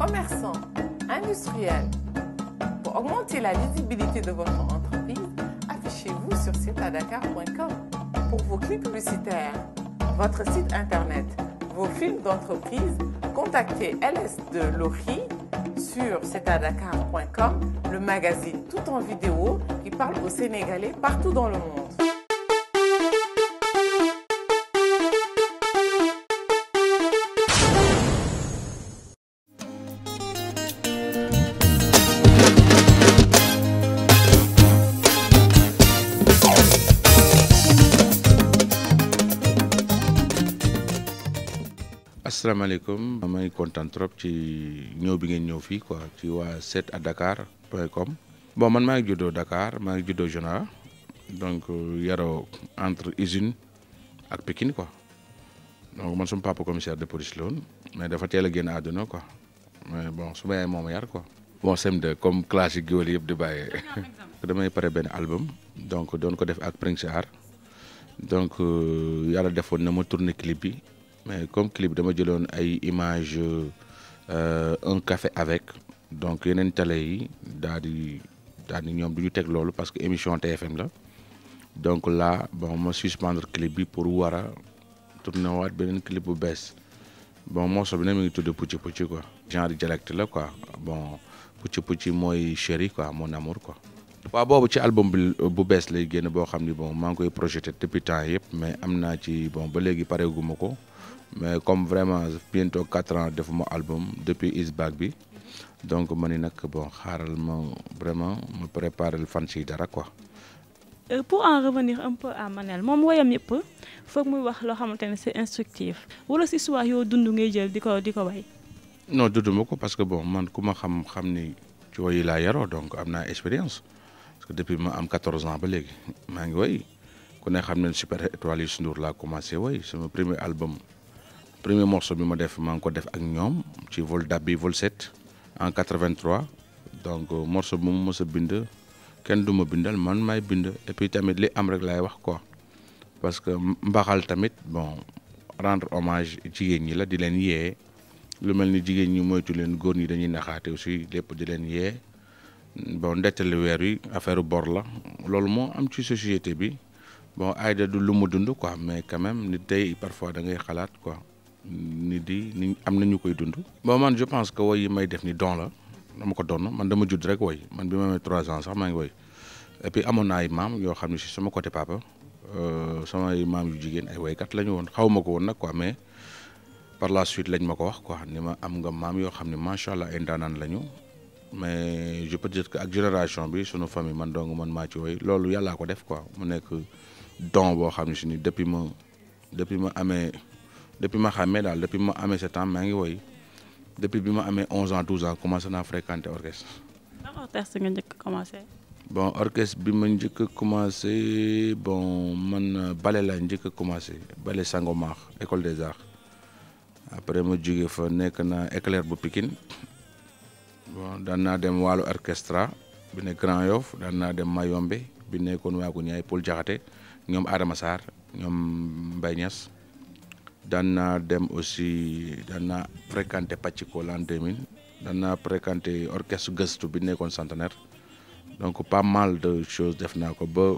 commerçants, industriels. Pour augmenter la visibilité de votre entreprise, affichez-vous sur cetadakar.com. pour vos clips publicitaires, votre site internet, vos films d'entreprise. Contactez LS de Lori sur cetadakar.com, le magazine tout en vidéo qui parle aux Sénégalais partout dans le monde. Je suis content de trop ci Je bi ngeen quoi ci à Dakar bon man Dakar donc euh, entre usine Pékin. quoi donc man papa commissaire de police mais dafa teel a génn quoi mais bon su suis yar quoi. bon comme classique album. donc ko def ak Prince Art donc euh, yàlla defoon na ma clip mais comme clip dama jëlone ay image euh, un café avec donc une télé yi daal di ñom duñu lolu parce que émission TFM la donc là bon ma suspendre clip bi pour wara tourner benen clip bu Bess. bon un bi mi ngi Pucci Pucci quoi genre dialecte la quoi bon Pucci Pucci moy chéri quoi mon amour quoi wa bobu ci album bi bu bess lay génn bo xamni bon mang koy projeté depuis temps yep mais amna ci bon ba léegi pareeguma ko mais comme vraiment bientôt quatre ans defuma album depuis ISBAC bi donc ma ni bon xaral ma vraiment me préparer fan si dara quoi. Euh, pour en revenir un peu à Manel mom woyam yep foog muy wax lo xamanteni c'est instructif wala si soit yow dund ngay jël diko diko way. non dundou mako ko parce que bon man ku xam xamni ci woy yi donc amna expérience depuis ma am 14 ans ba léegi maa ngi woy ku ne xam ne super étoile Youssou Ndour laa commencé woy sama premier album premier morceau bi ma def maa ngi ko def ak ñoom ci vol d'Abbi vol en 83 donc euh, morceau bi mu mës a bind kenn du ma bindal man maay binde. et puis tamit li am rek laay wax quoi parce que mbaxal tamit bon rendre hommage jigéen ñi la di leen yee lu mel ni jigéen ñi moytu leen góor ñi dañuy naxaate aussi lépp di leen yee bon ndetteelu weer wi affaire borla la loolu moo am ci société bi bon ayda du lu mu dund quoi mais quand même nit day parfois da ngay xalaat quoi nit di ni am na ñu koy dund. bon man je pense que woy yi may def ni don la dama ko donn man dama judd rek woy man bi ma amee trois ans sax maa ngi woy et puis amoon na ay maam yoo xam ne si sama côté papa euh, samay maam yu jigéen ay woykat la ñu woon xaw ma ko woon nag quoi mais. par la suite lañ ma ko wax quoi ni ma am nga maam yoo xam ne macha allah ay ndaanaan lañu mais je peux dire que la génération bi sunu famille man dong man ma ci woy loolu ko def quoi mu nek don suis xamni depuis ma depuis ma amé depuis ma xamé dal depuis ma ans depuis ans 12 ans commencé à fréquenter orchestre. l'orchestre nga commencé. bon orchestre commencé bon man ballet la Sangomar école des arts après ma suis fa nek na éclair bu bon daan dem walu orchestra bi ne Grand yof dem Mayombe bi nekkoon waagu ñaay nyom jaxate ñom Adama sar ñom Mbaye Niass dan dem aussi dan naa fréquenté Paciko l'an 2000 daan naa fréquenté orchestre gestu bi kon centenaire donc pas mal de choses def na ko ba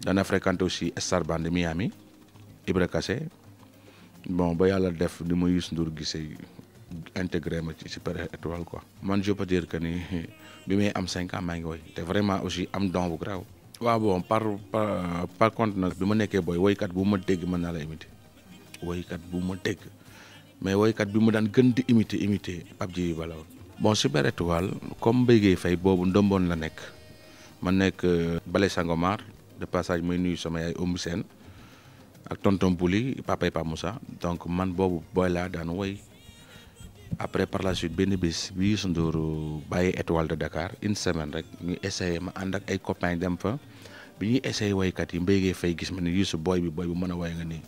daan naa aussi Star Band Miami Ibra bon ba yalla def ni ma ndur gisee intégré ma ci super étoile quoi man je peux dire que ni bi may am 5 ans ma ngi woy té vraiment aussi am don bu graw wa bon par par par contre nak bima ma woi booy kat bu ma dégg woi naa la imité kat bu ma dégg mais kat bi mu dan gënd imité imité Pape Djiby Ba bon super étoile comme mbéygee fay bobu ndombon la ma euh, Bale Sangomar de passage may nuyu sama yaay Oumou ak tonton Bouli et pa Moussa donc man bobu boy la dan woy après par la suite benn bis bi Youssou Ndour bàyyi étoile de Dakar une semaine rek ñu essayé ma ànd ak ay copains dem fa bi ñuy essayé woykat yi mbéygee fay gis ma ne Youssou booy bi booy bu man a way nga nii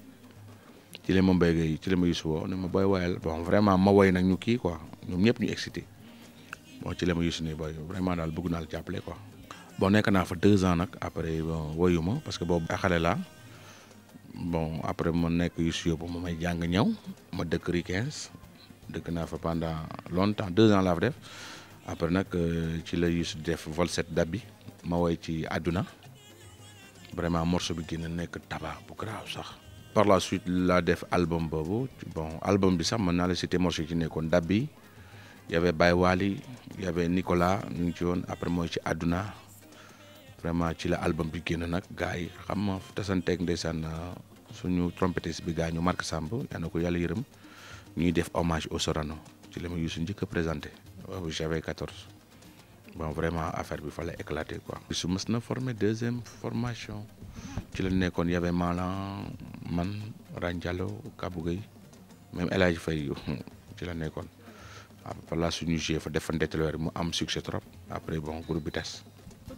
ci la ma mbéygee ci la ma Youssou ma booy wayal bon vraiment ma way nag ñu kii quoi ñoom ñëpp ñu excité bon ci la ma Youssou nii booy vraiment daal bëgg naa la jàppale quoi. bon nekk naa fa deux ans nag après bon woyu ma parce que boobu xale laa bon après ma nekk Youssou yóbbu ma may jàng ñëw ma dëkk Rikens dëkk naa fa pendant longtemps deux ans la fa après nag euh, ci la Youssou def vol set dab bi ma woy ci aduna vraiment morceau bi génn nekk tabac bu grave sax. par la suite laa def album boobu bon album bi sax mën naa la citer qui yi ci nekkoon dab bi y avait Baye Wali y avait Nicolas ñu ci woon après moi ci aduna vraiment ci la album bi génn nag gars yi xam ma tasanteeg ndeysaan euh, suñu trompettiste bi gars ñu marque Samb yal na ko yàlla yërëm ñuy def hommage au Sorano ci le ma Youssou njëkk a présenté waaw j'avais 14 bon vraiment affaire bi fallait éclater quoi. Youssou mës na formé deuxième formation ci la nekkoon y avait Malan man Ranjalo, Kabougay, même El Fayou ci la nekkoon après ah, la suñu joué fa def fa ndettelweer mu am succès trop après bon groupe bi tas.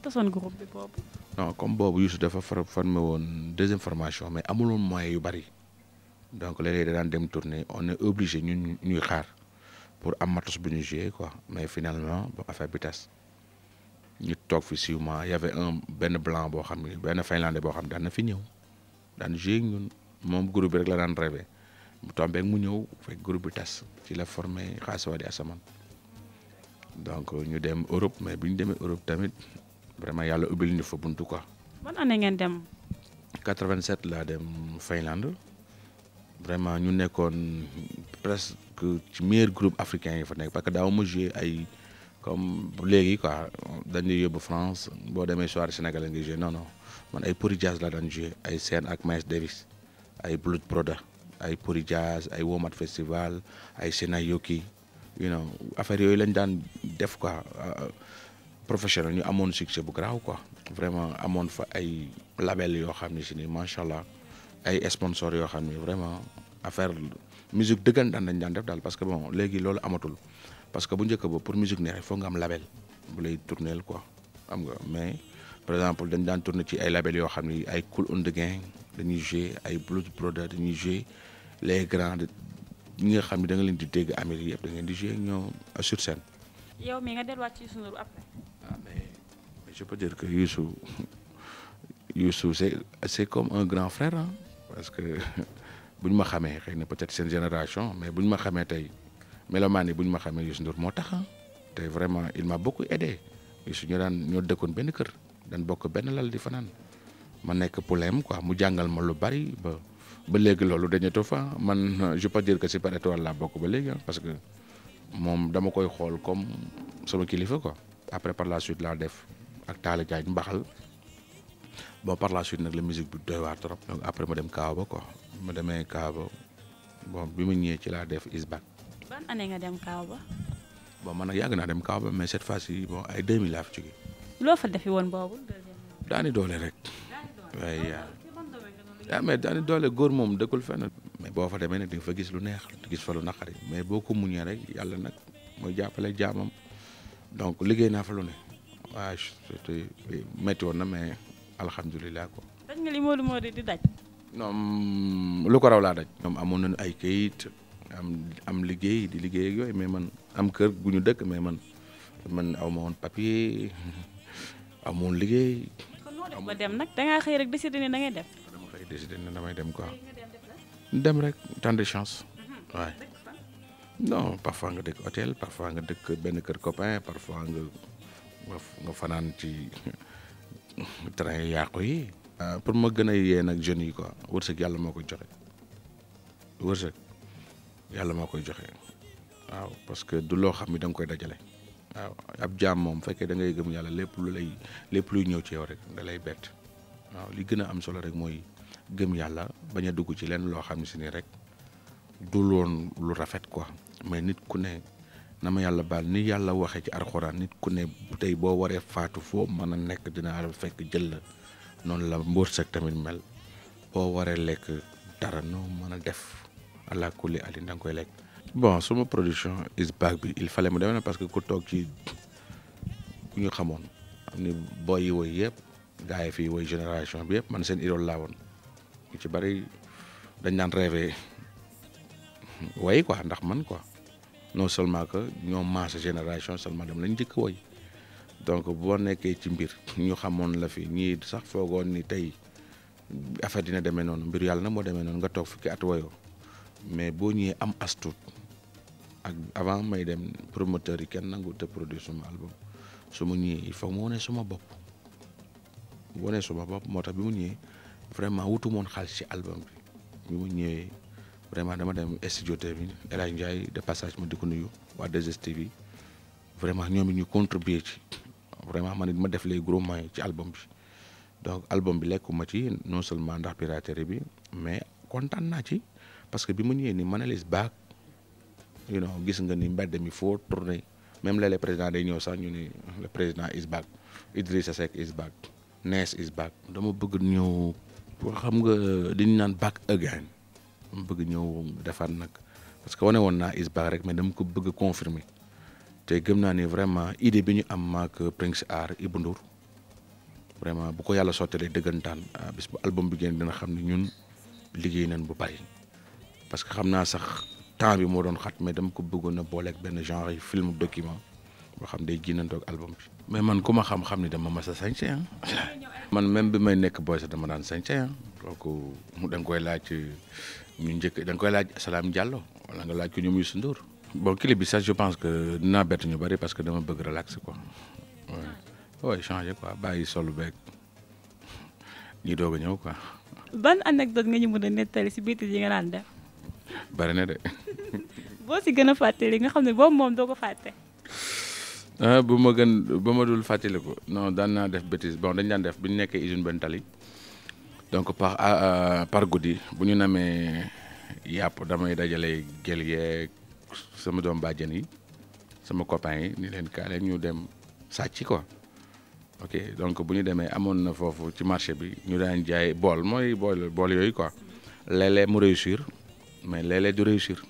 Tout son groupe bi bob. non comme bob Youssou dafa formé won deuxième formation mais amuloon moyen yu bari donc les gens daan dem tourner on est obligé ñun ñuy xaar pour amateurs matos bu ñu quoi mais finalement bon affaire bitas tas ñu toog fi y avait un benn blanc boo xam ne benn finlandais boo xam ne daan na fi ñëw daan joué ñun groupe bi rek la daan rêvé mu tombé mu fait groupe bitas tas ci la formé à des Asamaan donc ñu dem Europe mais bi ñu Europe tamit vraiment yàlla ubbil ñu fa buntu quoi. bon année ngeen dem. 87 là dem Finlande vraiment ñu nekkoon presque ci meilleur groupe africain yi fa parce que daaw ma joué ay comme les quoi dañuy yóbbu France boo demee soirée sénégalais ngay joué non non man ay Pori Jazz là, dans jouer ay Sen ak Miles Davis ay Blood Broda ay Pori Jazz ay Womat Festival ay Sena Yoki you know affaire yoy lañ dan def quoi euh, professionnel ñu amone succès bu graw quoi vraiment amone fa ay label yo xamni ci ni machallah ay sponsor yoo xam ni vraiment affaire musique dëggantaan nañ daan def daal parce que bon léegi loolu amatul parce que bu njëkk ba pour musique ne il faut nga am label bu lay tourneel quoi xam nga mais par exemple dañ daan tourner ci ay label yoo xam ni ay Cool on the Gang dañuy jouer ay Blues Brothers dañuy jouer les grands ñi nga xam ne da nga leen di dégg Amérique yi yëpp da ngeen di jouer ñoo sur scène. yow mi nga delluwaat ci Youssou après. ah mais je peux dire que Youssou Youssou c'est c'est comme un grand frère Hein? parce que buñ ma xamé xeyna peut-être seen génération mais buñ ma xamé tay melomaan buñ ma xamé yus Ndour moo tax ah. te vraiment il m'a beaucoup aidé Youssou ñu daan ñoo dekkone ben kër daan bokk ben lal di fanaan ma nek problème quoi mu jangal ma lu bari ba ba légui lolu dañu fa ah. man je pas dire que c'est super étoile la bokk ba légui ah, parce que mom dama koy xol comme sama kilifa quoi après par la suite la def ak talé jaay mbaxal boo par la suite nag la musique bi doy waar trop. donc après ma dem Kaaba quoi ma demee Kaaba bon bi ma ñëwee ci laa def ISBAC. ban année nga dem Kaaba. nag yàgg naa dem Kaaba mais cette fois ci bon ay 2000 laa fi jógee. doole rek. waaye ah, ah, doole góor moom dëkkul fenn. mais boo fa demee nag di fa gis lu neex gis fa lu mais boo ko muñee rek yàlla nag mooy jàppale jaamam donc liggéey naa fa lu ne waaw woon na mais. alhamdulillah ko dañ nga li Modou Modou di daj ñoom lu ko raw la daj ñom amon nañ ay keuyit am am liggey di liggey ak yoy mais man am kër guñu ñu dëkk mais man man aw ma woon papier amoon liggéey ba dem nak da nga xey rek décider ni da ngay def dama xey décider ni damay dem quoi dem rek tant de chance waay mm-hmm. non parfois nga dëkk hôtel parfois nga dëkk ben kër copain parfois nga nga fanaan ci train yàqu yi. Euh, pour ma gën a yee nag jeunes yi quoi wërsëg yàlla moo koy joxe wërsëg yàlla moo koy joxe waaw parce que du loo xam ni da nga koy dajale. waaw ab jaam moom fekkee da ngay gëm yàlla lépp lu lay lépp luy ñëw ci yow rek dalay bett waaw li gën a am solo rek mooy gëm yàlla bañ a dugg ci leen loo xam ni si nii rek du loon lu rafet quoi mais nit ku ne. na ma yàlla baal ni yàlla waxee ci alxuraan nit ku ne tey boo waree faatu foo man a nekk dinaa la fekk jël noonu la mbóorsëg tamit mel boo waree lekk dara noo mën a def allah kulli ali da nga koy lekk. bon suma production is back bi il fallait mu demee parce que ku toog ci ku ñu xamoon am ni booy yi woy yëpp gars yi fii woy génération bi yëpp man seen idole laa woon ñu ci bari dañ daan rêvé way quoi ndax man quoi. non seulement que ñoom maasa génération seulement dem lañ njëkk woy donc boo nekkee ci mbir ñu xamoon la fi ñii sax foogoon ni tey affaire dina demee noonu mbir yàlla na moo demee noonu nga toog fukki at woyoo mais boo ñëwee am astut ak avant may dem promoteur yi kenn nangu te produit suma album su ma ñëwee il faut mu wane suma bopp wane suma bopp moo tax bi mu ñëwee vraiment wutu moon xaalis ci album bi bi mu ñëwee vraiment dama dem studio TV El Hadj de passage ma di nuyu wa 2STV vraiment ñom it ñu contribuer ci vraiment man it ma def les gros moyens ci album bi donc album bi lekuma ci non seulement ndax piraterie bi mais content na ci parce que bima ma ni man bac you know gis nga ni mbedd mi foo tourner même là léeg président day ñëw sax ñu ni le président is back Idrissa Seck is back Ness is back dama bëgg ñëw xam nga diñu naan back again mu bëgg ñëw defaat nag parce que wane woon naa ISBA rek mais dama ko bëgg a confirmer te gëm naa ni vraiment idée bi ñu am maak Prince aar Ibou Ndour vraiment bu ko yàlla sottalee dëggantaan ah, bis bu album bi génn dana xam ne ñun liggéey nañ bu bari parce que xam naa sax temps bi moo doon xat mais dama ko bëggoon na booleek benn genre film document boo xam day génnantoog album bi. mais man ku ma xam-xam ni dama mas a sañse ah. man même bi may nekk booy dama daan sañse ah donc euh, da nga laaj ñu njëkk da koy laaj Salam Diallo wala nga laaj ñu ñoom Youssou Ndour bon clip bi sax je pense que dinaa bett ñu bëri parce que dama bëgg relax quoi waaw changé quoi bàyyi solu beeg ñu doog a ñëw quoi. ban anecdote nga ñu mën a nettali si biir yi nga naan def. bari na de. boo si gën a fàttali nga xam ne boobu moom doo ko fàtte. Ah, bu ma gën ba ma dul fàttaliku non daan naa def bêtise bon dañ daan def bi ñu nekkee usine benn tali donc par ah, euh, par goudi bu ñu pas damay dajalé gel sama dom bàjjen yi sama copain ni len kale ñu dem quoi ok donc bu ñu demee amon na fofu ci marché bi ñu daan jaay bol moy bol bol yoy quoi lélé mu réussir mais lélé du réussir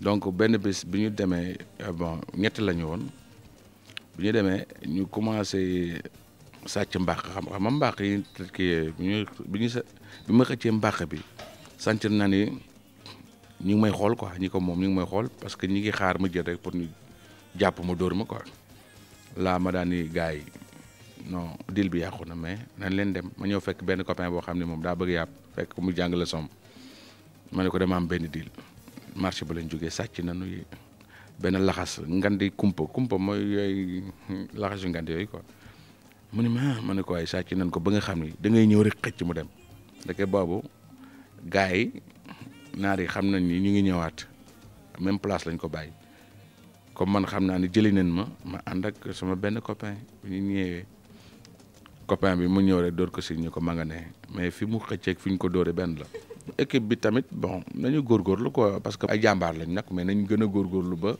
donc benn bis bi ñu euh, bon ñu sàcc mbàq xam xam ma mbàq yi kii ñu bi ñu bi ma xëccee mbàq bi sant naa ni ñu ngi may xool ko ñi ko moom ñu ngi may xool parce que ñi ngi xaar ma jël rek pour ñu jàpp ma door ma quoi laa ma daan ni gars yi non dil bi yàqu na mais nañ leen dem ma ñëw fekk benn copain boo xam ne moom daa bëgg yàpp fekk mu jàng la somme ma ne ko dama am benn dil marché ba lañ jógee na nuy benn laxas ngan di kumpa kumpa mooy yooyu laxas yu ngand yooyu quoi mu ne ma ah, ma ne ko waaye sàcc nañ ko ba nga xam ni da ngay ñëw rek xëcc mu dem ndeke boobu gars yi naar yi xam nañ ni ñu ngi ñëwaat même place lañ ko bàyyi comme man xam naa ni jëli nañ ma ma ànd ak sama benn copain bi ñu ñëwee copain bi mu ñëw dóor ko si ñu ko manganee mais fi mu xëcceeg fi ñu ko dóoree benn la. équipe bi tamit bon nañu góorgóorlu quoi parce que ay jàmbaar lañ nag mais nañ gën a lu ba.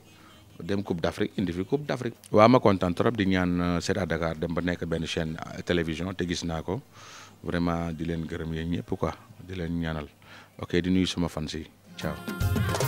dem Coupe d'Afrique indi fi Coupe d'Afrique waa ma kontaan trop di ñaan seet à Dakar dem ba nekk benn chaîne euh, télévision te gis naa ko vraiment di leen gërëm yéen ñëpp quoi di leen ñaanal ok di nuyu suma fans yi ciao